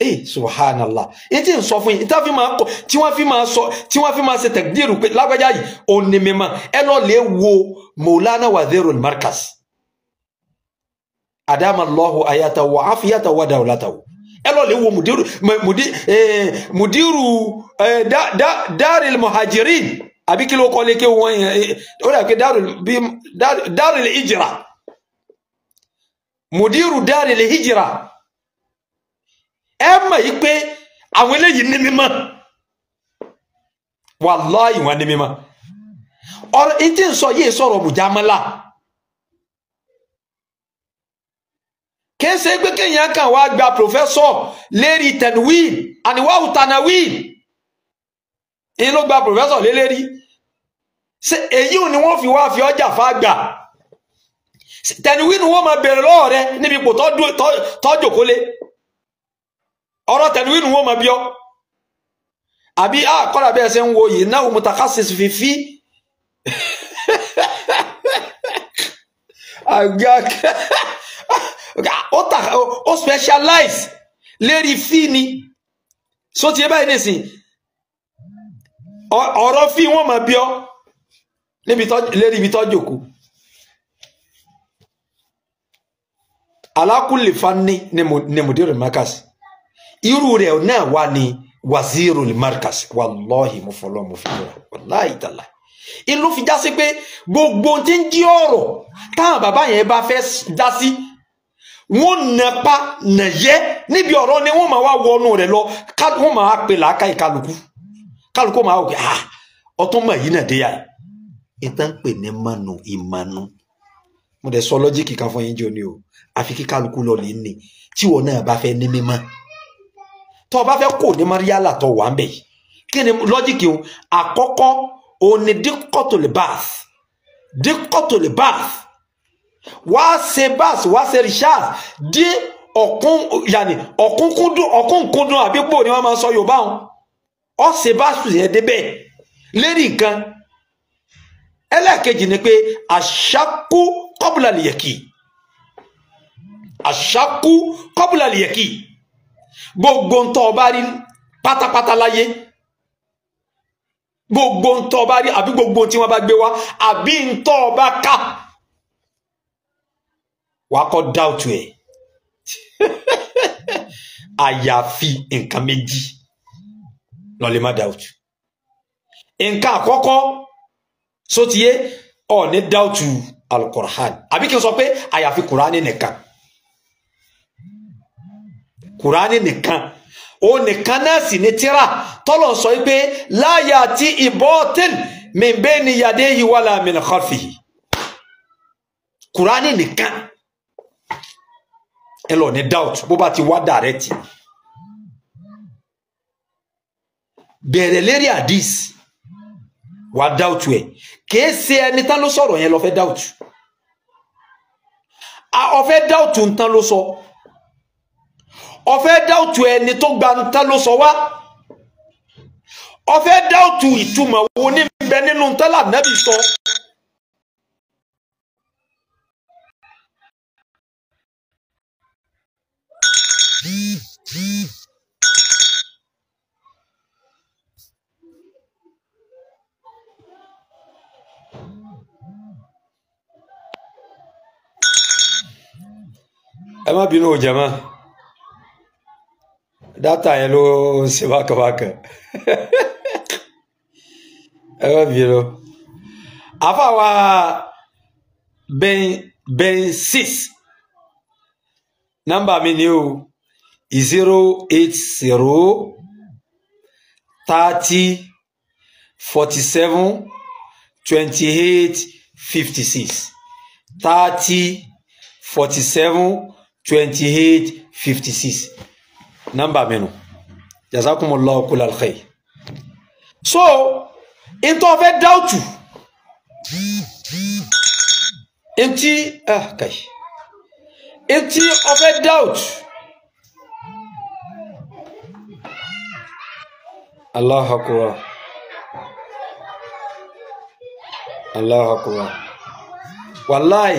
ee eh, subhanallah etí n sọ fún yín tí wọ́n fi máa sọ tí wọ́n fi máa ṣe tẹ̀gbìrì pé lágbájá yìí òun ni mímọ́ ẹ lọ lè wo Maulana Wazirul Markaz adamallahu ayatahu wa afiyatahu wa dawlatahu ẹ lọ lè wo mudiru eh, mudiru eh, daril muhajirin àbí kí ló kọ́ lé kí wọ́n yẹn ó dà pé daril hijira mudiru daril hijira ẹ mọ̀ yìí pé àwọn eléyìí ní mímọ́ wàláhì wọ́n ní mímọ́ ọ̀rọ̀ ìtì ń sọ yìí sọ̀rọ̀ mùjámọ́lá kìí ṣe pé kéèyàn kan wá gba pòfẹ́sọ̀ lérí tẹ̀nuwíìn àníwáwù tànáwíìn ìyẹn gba pòfẹ́sọ̀ lélẹ́rí ṣe èyí ò ní wọ́n fi wá fi ọjà fágbà tẹ̀nuwíìn wọ́n máa bèrè lọ́wọ́ rẹ níbi ipò tọ́jòkólé. Tó, ọ̀rọ̀ tẹ̀lúwìn wo mọ̀ bí ọ́ àbí a ah, kọ́ra bí ẹ ṣe ń wo yìí náà wò mutakhassis fífí ó specialize lérí fí ni so ti ẹ báyìí nìsín ọ̀rọ̀ fí wọ́n mọ̀ bí ọ́ lérí ibi tọ́jú òkú alákùlé fani ni mùdírù mọ́kàsí irú rẹ̀ náà wà ní wazirul markas wàlọ́ọ̀hì mo fọlọ́ mo fi múra wàláì dàlà ìlú fi já sí pé gbogbo tí ń jí ọ̀rọ̀ táwọn bàbá yẹn bá fẹ́ já sí wọn nàpa nàyẹ níbi ọ̀rọ̀ ni wọ́n máa wá wọnú rẹ̀ lọ wọ́n máa pè làákàyè kálukú kálukú máa wò pé ah, ọtún mọ̀ yìí náà dé yà ìtàn pè ní mọ̀nù ìmọ̀nù mo dẹ̀ sọ lọ́jíìkì kan fún yín jọ ni o àfi kí kálukú lọ lè ní tí wọn náà bá fẹ́ ní mímọ́ tó o bá fẹ́ kò ní mariala tó wà ń bẹ̀ yìí kí ni lọ́jíìkì o àkọ́kọ́ òun ni díkọ̀tòlè bath díkọ̀tòlè bath wá ṣe bath wá ṣe richard dí ọ̀kún yàní ọ̀kúnkúndùn ọ̀kúnkúndùn àbí ni wọ́n máa sọ yorùbá wọn ọ̀ ṣe bath yẹn débẹ̀ lérí nǹkan ẹlẹ́ẹ̀kejì ni pé àṣàkú kọ́bùlà lìyẹ̀kì àṣàkú kọ́bùlà lìyẹ̀kì gbogbo ń tọ́ ọba rí pátápátá láyé gbogbo ń tọ́ ọba rí àbí gbogbo tí wọ́n bá gbé wá àbí ń tọ́ ọba ká wàá kọ́ dáùtù ẹ̀ àyàfi nǹkan méjì lọ́lẹ́ má dáùtù nǹkan àkọ́kọ́ sótìyé ọ̀ ní dáùtù alukur'an àbí kí n sọ pé àyàfi kur'an nìkan. Kurani nìkan ó nìkan náà sì ní tíra tọ́lọ̀ sọ pé láyà tí ìbọ́tìn min bayni yadayhi wala min khalfihi kùránì nìkan ẹ lọ ní doubt bó bá ti wá direct bẹ̀rẹ̀ lérí àdìs wà doubt ẹ̀ kìí ṣe ẹni tán ló sọ̀rọ̀ yẹn lọ doubt ọ̀fẹ́ doubt ń tán ló sọ. So ọ̀fẹ́ dáùtù ẹni tó gba ntá ló sọ wá ọ̀fẹ́ dáùtù ìtumọ̀ wo ní bẹ nínú ntálà nábì sọ. ẹ má bínú o jàmá dátà yẹn ló ń ṣe bákanbákan ẹ má bínú àfàwà ben ben six nọ́mbà mi ni o zero eight zero thirty forty seven twenty eight fifty six thirty forty seven twenty eight fifty six nọ́mbà mi nù jazakumullahu kullal khair so ntọ́ fẹ́ dáùtù ntí ah kai ntí ọfẹ́ dáùtù Allahu akbar Allahu akbar Afa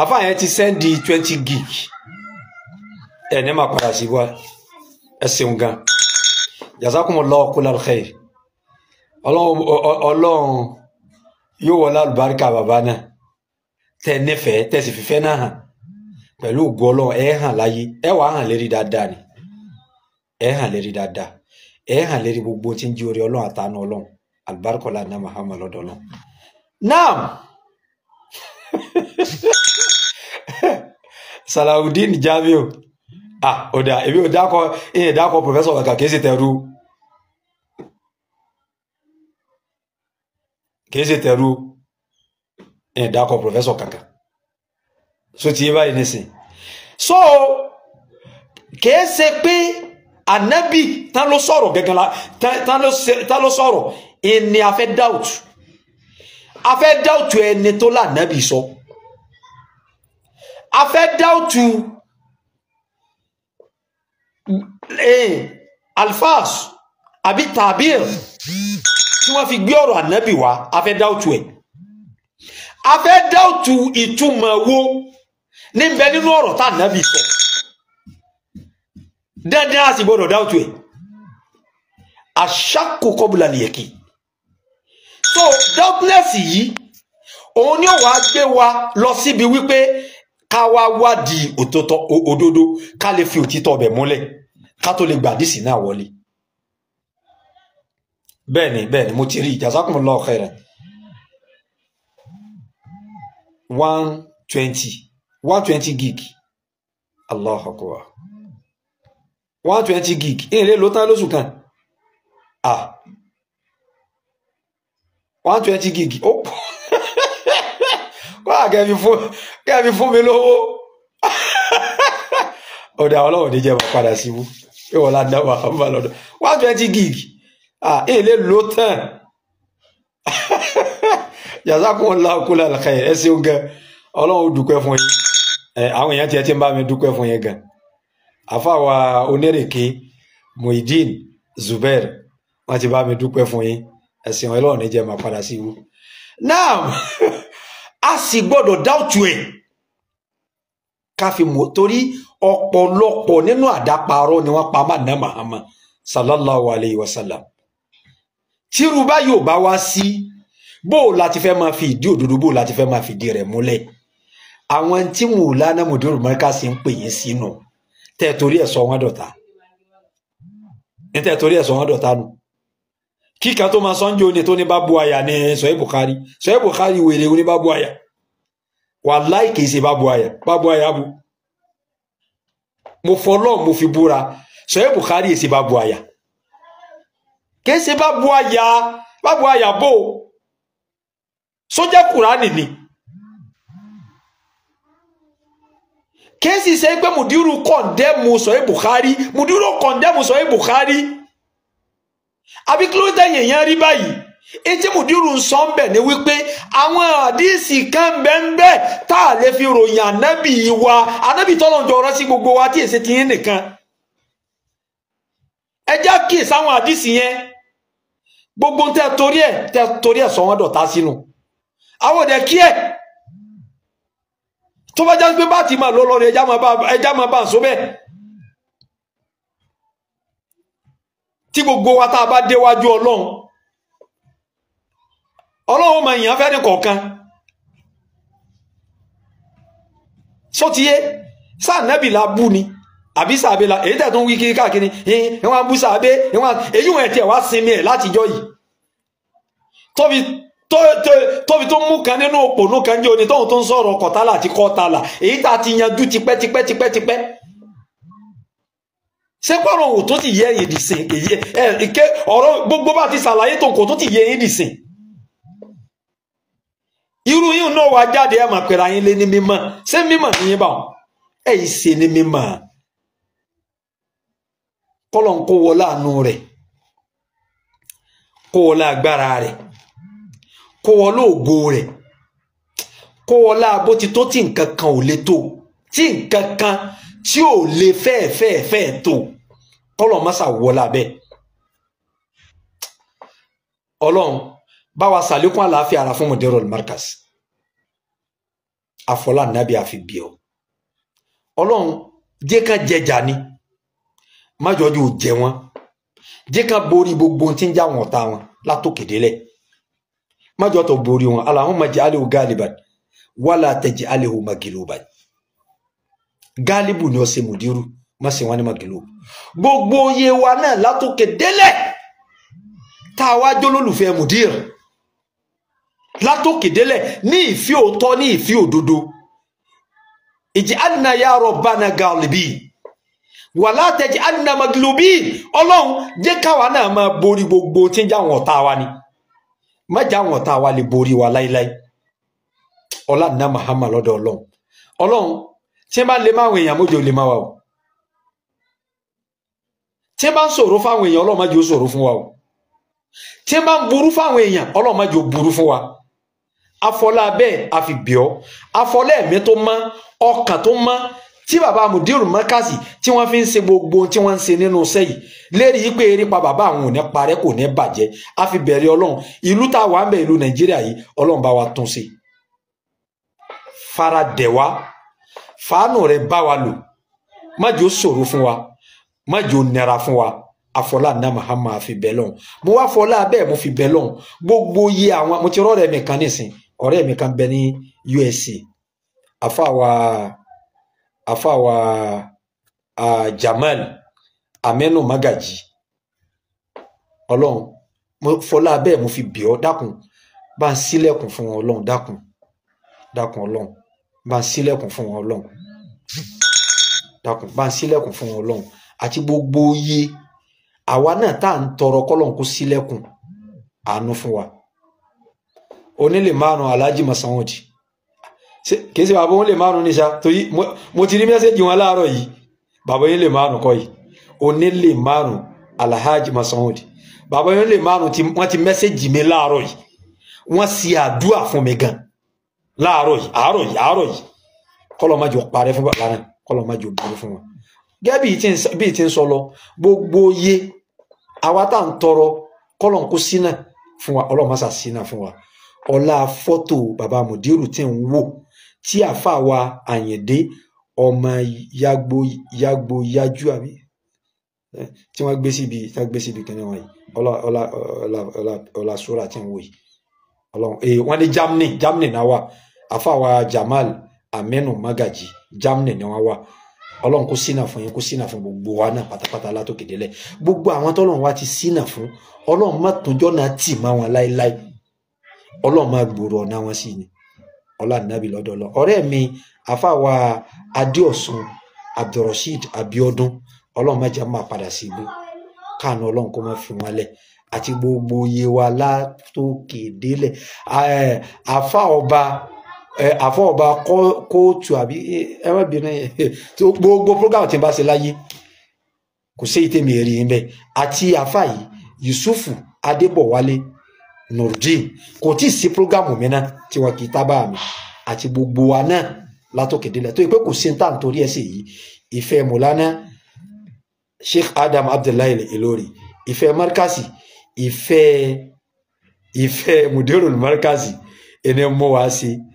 àfààyàn ti sẹ́ndì twenty gig ẹni eh, máa padà sí wa ẹ eh, ṣeun gan jazakumullahu kullal khair ọlọ́run yóò wọlé àlùbáríkà bàbá náà tẹ nífẹ̀ẹ́ tẹ sì fífẹ́ náà hàn pẹ̀lú ògùn ọlọ́run ẹ hàn láyé ẹ wàá hàn lérí dáadáa ni ẹ hàn lérí dáadáa ẹ hàn lérí gbogbo tí ń jí orí ọlọ́run àtàánú ọlọ́run àlùbáríkà ọlá náà Muhammad lọ́dọ̀ náà. naam Salaudeen Jamiu ah ọ̀dà èmi ò dákọ ìyẹn dákọ pòfẹ́sọ̀ ọ̀gá kìí ṣe tẹ̀rù kìí ṣe tẹ̀rù ìyẹn dákọ pòfẹ́sọ̀ kankan so ti yé e báyìí nísìn so kìí ṣe pé ànábì tán ló sọ̀rọ̀ gẹ́gẹ́ la tán ló sọ̀rọ̀ ìní afẹ́ doubt afẹ́ doubt ẹni tó là ànábì sọ afẹ́ doubt. Eh, alfas àbí tàbír tí wọ́n fi gbé ọ̀rọ̀ ànábì wá a fẹ́ dáùtù ẹ̀ a fẹ́ dáùtù ìtumọ̀ wo níbẹ̀ nínú ọ̀rọ̀ tá ànábì sọ dandan a sì gbọ́dọ̀ dáùtù ẹ̀ àṣàkó kọ́bùlà nìyẹ̀kì so darkness yìí òun ni ó wàá gbé wa lọ síbi wípé ká wá wádìí òtòtọ́ òdodo ká lè fi òtítọ́ ọbẹ̀ múlẹ̀ ká tó lè gbàdísì náà wọlé bẹ́ẹ̀ni bẹ́ẹ̀ni mo ti rí jazakumullahu khairan one twenty one twenty gig Allah akwa. one twenty gig ìrìnlẹ̀ ló tán lóṣù kan ah one twenty gig ó pọ̀ kọ́lá kẹ́mi fún kẹ́mi fún mi lówó ọ̀dà ọlọ́run ní jẹ́ máa padà sí wú pé wọ́n ládá wà á bá lọ́dọ̀ one twenty gig ah lè lò tán jazakumullahu kullal khair ẹ ṣeun gan ọlọ́run dúpẹ́ fún yín àwọn èèyàn tiẹ̀ ti ń bá mi dúpẹ́ fún yín gan àfàwà onírèké Muideen Zubair wọn ti bá mi dúpẹ́ fún yín ẹ̀sìn ọlọ́run ní jẹ́ padà sí wú now. a sì gbọ́dọ̀ dáùtù ẹ̀ ká fi mọ̀ torí ọ̀pọ̀lọpọ̀ nínú àdáparọ́ ni wọ́n pa mádàá mahama sallallahu alayhi wa sallam tírú báyìí ò bá wá sí bó o láti fẹ́ máa fi ìdí òdodo bó o láti fẹ́ máa fi ìdí rẹ̀ múlẹ̀ àwọn tí mò ń lánàá mòdúró mọ́ká sí ń pè yín sínú tẹ́ẹ̀ torí ẹ̀ sọ wọ́n dọ̀tá tẹ́ẹ̀ torí ẹ̀ sọ wọ́n dọ̀tá nù kíkan tó máa sọ́njọ́ ni tó ní bá bu àyà ní sọ́yẹ́ Bukhari sọ́yẹ́ Bukhari wèrè oní bá bu àyà wàláì kìí ṣe bá bu àyà bá bu àyà bu mo fọlọ́ mo fi búra sọ́yẹ́ Bukhari èsì bá bu àyà kìí bá bu àyà bá bu àyà bò sójà Kùránì ni kìí sì ṣe pé mùdírù kọ̀ndẹ́mù sọ́yẹ́ Bukhari mùdírù kọ̀ndẹ́mù sọ́yẹ́ Bukhari. àbí kí ló ń rí báyìí etí mùdírù ń sọ ni wípé àwọn àdíìsì kan tá lè fi ròyìn wa ànábì tọ́lọ́njọ ọ̀rọ̀ sí gbogbo wa tí èsì ti yín nìkan ẹ gbogbo tẹ torí ẹ tẹ torí ẹ sọ wọn sínú àwọn òde kí tí gbogbo wa tá a bá déwájú ọlọ́run ọlọ́run máa yàn fẹ́ni kọ̀ọ̀kan sótìyé sáà nẹ́bì la bú ni àbí sàbẹ̀ la èyí tẹ̀tún wí kiri káàkiri ẹ̀ wọ́n á bú sàbẹ̀ ẹ̀ wọ́n á èyí wọn ẹ̀tẹ̀ wá sinmi ẹ̀ látijọ́ yìí tóbi tóbi tó mú kan nínú òpònú kan jẹ́ oní tóun tó ń sọ̀rọ̀ kọ̀tálà àti kọ́tálà èyí tá a ti yanjú tipẹ́ tipẹ́ tipẹ́ tipẹ́ tipẹ́ ṣé pọ̀rọ̀ òun tó ti yẹ èyí dì sìn èyí ẹ ike ọ̀rọ̀ gbogbo bá ti ṣàlàyé tó kò tó ti yẹ èyí dì sìn irú yìí náà wá jáde ẹ̀ mà pẹ̀lú ayé lé ní mímọ́ ṣé mímọ́ nìyẹn bá wọn ẹ̀ yìí ṣe ní mímọ́ kọ́lọ̀ ń kó wọlé àánú rẹ̀ kó wọlé agbára rẹ̀ kó wọlé ògo rẹ̀ kó wọlé abó ti tó tí nǹkan kan ò le tó tí nǹkan kan tí ò le fẹ́ẹ̀fẹ́ẹ̀fẹ́ẹ̀ tó tọ́lọ̀ mọ́sà wọlá bẹ́ẹ̀ ọlọ́run bá wa sàlékún àlàáfíà ara fún mudirul markas àfọlá nàbí àfi bí ọ ọlọ́run jẹ́ ká jẹjà ni májọ́jú ò jẹ wọn jẹ́ ká borí gbogbo tí ń já wọn ọ̀tá wọn látòkè délẹ̀ májọ́ tó borí wọn Allahumma ja'alhu ghaliban wala taj'alhu magluban gáálíbù ni ọ̀sẹ̀ mùdírù má ṣe wọn ní màgìlú gbogbo oyè wa náà látòkè délẹ̀ tá a wá jó lólùfẹ́ mudir látòkè délẹ̀ ní ìfi òótọ́ ní ìfi òdodo ìjì àdínà ya rabbana galibi wàlá tẹ̀jì àdínà màgìlúbí ọlọ́run jẹ́ káwa náà máa borí gbogbo tí ń jáwọn ọ̀tá wa ni má jáwọn ọ̀tá wa lè borí wa láíláí ọlá nà Muhammad lọ́dọ̀ ọlọ́run ọlọ́run tí ń bá lè máa wọ èèyàn mójú lè máa wà o tí bá ń sọ̀rọ̀ fáwọn èèyàn Ọlọ́run má jẹ́ ó sọ̀rọ̀ fún wa o tí bá ń burú fáwọn èèyàn Ọlọ́run má jẹ́ ó burú fún wa afọlá bẹ́ẹ̀ àfibíọ́ afọlá ẹ̀mí tó mọ́ ọkàn tó mọ́ tí bàbá Mudiru Markazi tí wọ́n fi ń ṣe gbogbo tí wọ́n ń ṣe nínú iṣẹ́ lérí yìí erépa bàbá àwọn ò ní parẹ́ kò ní bàjẹ́ àfi Ọlọ́run ìlú tá a wà ń bẹ̀ ìlú Nàìjíríà yìí Ọlọ́run bá wa tún ṣe fara dẹ̀ wá fàánù rẹ̀ bá wa lò má jẹ́ fún wa má jò nira fún wa afọlá ná Muhammad fi bẹ lọhùn mo wá fọlá bẹ́ẹ̀ mo fi bẹ lọhùn gbogbo iye àwọn mo ti rọrẹ mi kan nísìn ọ̀rẹ́ mi kan bẹ ní USA àfàwà àfàwà uh, Jamal Aminu Magaji Ọlọ́run mo fọlá bẹ́ẹ̀ mo fi bẹ ọ dákun bá ń ṣílẹ̀kùn fún wọn Ọlọ́run dákun dákun Ọlọ́run bá ń ṣílẹ̀kùn fún wọn Ọlọ́run dákun bá ń ṣílẹ̀kùn fún wọn Ọlọ́run àti gbogbo iye àwa náà tá à ń tọrọ kọ́lọ́n kó sílẹ̀kùn àánú fún wa onílé márùn aláàjì Masanwóòdì kìí ṣe bàbá wọn lè márùn ní sa torí mo ti rí mẹ́sẹ̀gì wọn láàárọ̀ yìí bàbá yín lè márùn kọ́ yìí onílé márùn alhaji Masanwóòdì bàbá yín lè márùn wọn ti mẹ́sẹ̀gì mi láàárọ̀ yìí wọ́n ṣe àdúrà fún mi gan láàárọ̀ yìí àárọ̀ yìí àárọ̀ yìí kọ́lọ́ má fún bàbá náà kọ́lọ́ má fún wọn gẹ́gẹ́ bí ti ń sọ lọ gbogbo iye àwa tá à ń tọrọ kọ́lọ̀n kó sínà fún wa ọlọ́run má sàsínà fún wa ọlá fọ́tò bàbá mùdírù tí ń wò tí àáfàá wa àyìndé ọmọ yagbo yagbo yajú àbí tí wọ́n gbé síbi tí wọ́n gbé síbi kan náà wọ̀nyí ọlá ọlá ọlá ọlá ọlá sóra tí ń wò yìí ọlọ́run ee wọ́n ní germany germany náà wà àáfàá wa jamal aminu magaji germany ni wà ọlọ́run kó sínà fún yín kó sínà fún gbogbo wa náà pátápátá látòkè délẹ̀ gbogbo àwọn tọ́lọ́run wa ti sínà fún ọlọ́run má tójọ́ náà tì má wọn láéláé ọlọ́run má gbòòrò ọ̀nà wọn sí ni ọlá nàbì lọ́dọ̀ lọ ọ̀rẹ́ mi àfàwà adéọ̀sùn abdulrasheed abiodun ọlọ́run má jẹ́ má padà sí ibú káànù ọlọ́run kó má fi wọn lẹ̀ àti gbogbo iye wa látòkè délẹ̀ Eh, àfọwọ́ba kóòtù àbí eh, ẹ̀rọ̀bìnrin eh, tí gbogbo program tí n bá ṣe láyé kò sí ìtẹ̀mí èrè yín bẹ́ẹ̀ àti àfàyè Yusufu Adébọ̀wálé Nurudeen kò tí ì sí program mi náà tí wọn kì í tábà mi àti gbogbo wa náà látòkè délẹ̀ tó yẹ pé kò sí ní tàǹtò orí ẹsẹ̀ yìí ìfẹ́ mọ̀lánà Sheikh Adam Abdullahi Ilori, ìfẹ́ Markasi ìfẹ́ ìfẹ́ mudirul Markasi ẹni mọ́ wá sí i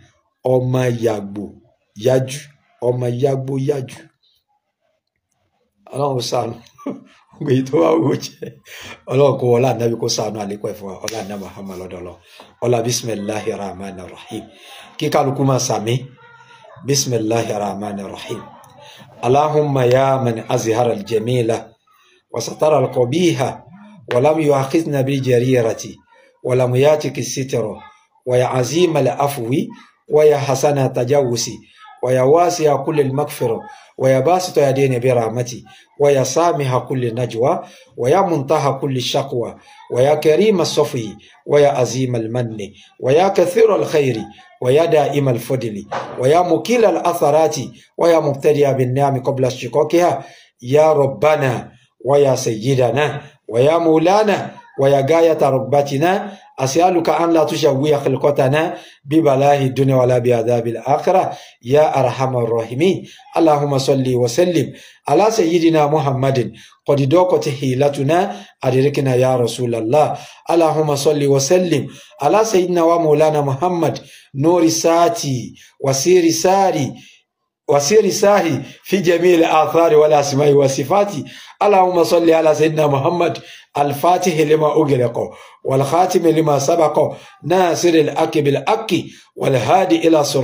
ọmọ yàgbò yájú ọmọ yàgbò yájú ọlọ́run sànù gbogbo èyí tó wá wò jẹ ọlọ́run kó ọlá ànábi kó sànù àlékún ẹ̀fọ́ ọlá ànábi muhammad lọ́dọọlọ ọlá bisimilahi rahman rahim kí kálukú máa sàmí bisimilahi rahman rahim allahumma ya man azihara aljamila wasatara alqabiha walam yuakhidna bil jarirati walam yatiki sitira wa ya azima al ويا حسنا تجاوسي ويا واسع كل المغفرة ويا باسط يدين برحمتي ويا سامح كل نجوى ويا منتهى كل شقوى ويا كريم الصفي ويا عظيم المن ويا كثير الخير ويا دائم الفضل ويا مكيل الأثرات ويا مبتدئ بالنعم قبل شقوقها يا ربنا ويا سيدنا ويا مولانا ويا غاية ركبتنا أسألك أن لا تشوي خلقتنا ببلاه الدنيا ولا بعذاب الآخرة يا أرحم الراحمين اللهم صل وسلم على سيدنا محمد قد دوقت حيلتنا أدركنا يا رسول الله اللهم صل وسلم على سيدنا ومولانا محمد نور ساتي وسير ساري وسير ساهي في جميع الآثار والأسماء والصفات اللهم صل على سيدنا محمد الفاتح لما أغلق والخاتم لما سبق ناصر الأك بالأك والهادي إلى صراط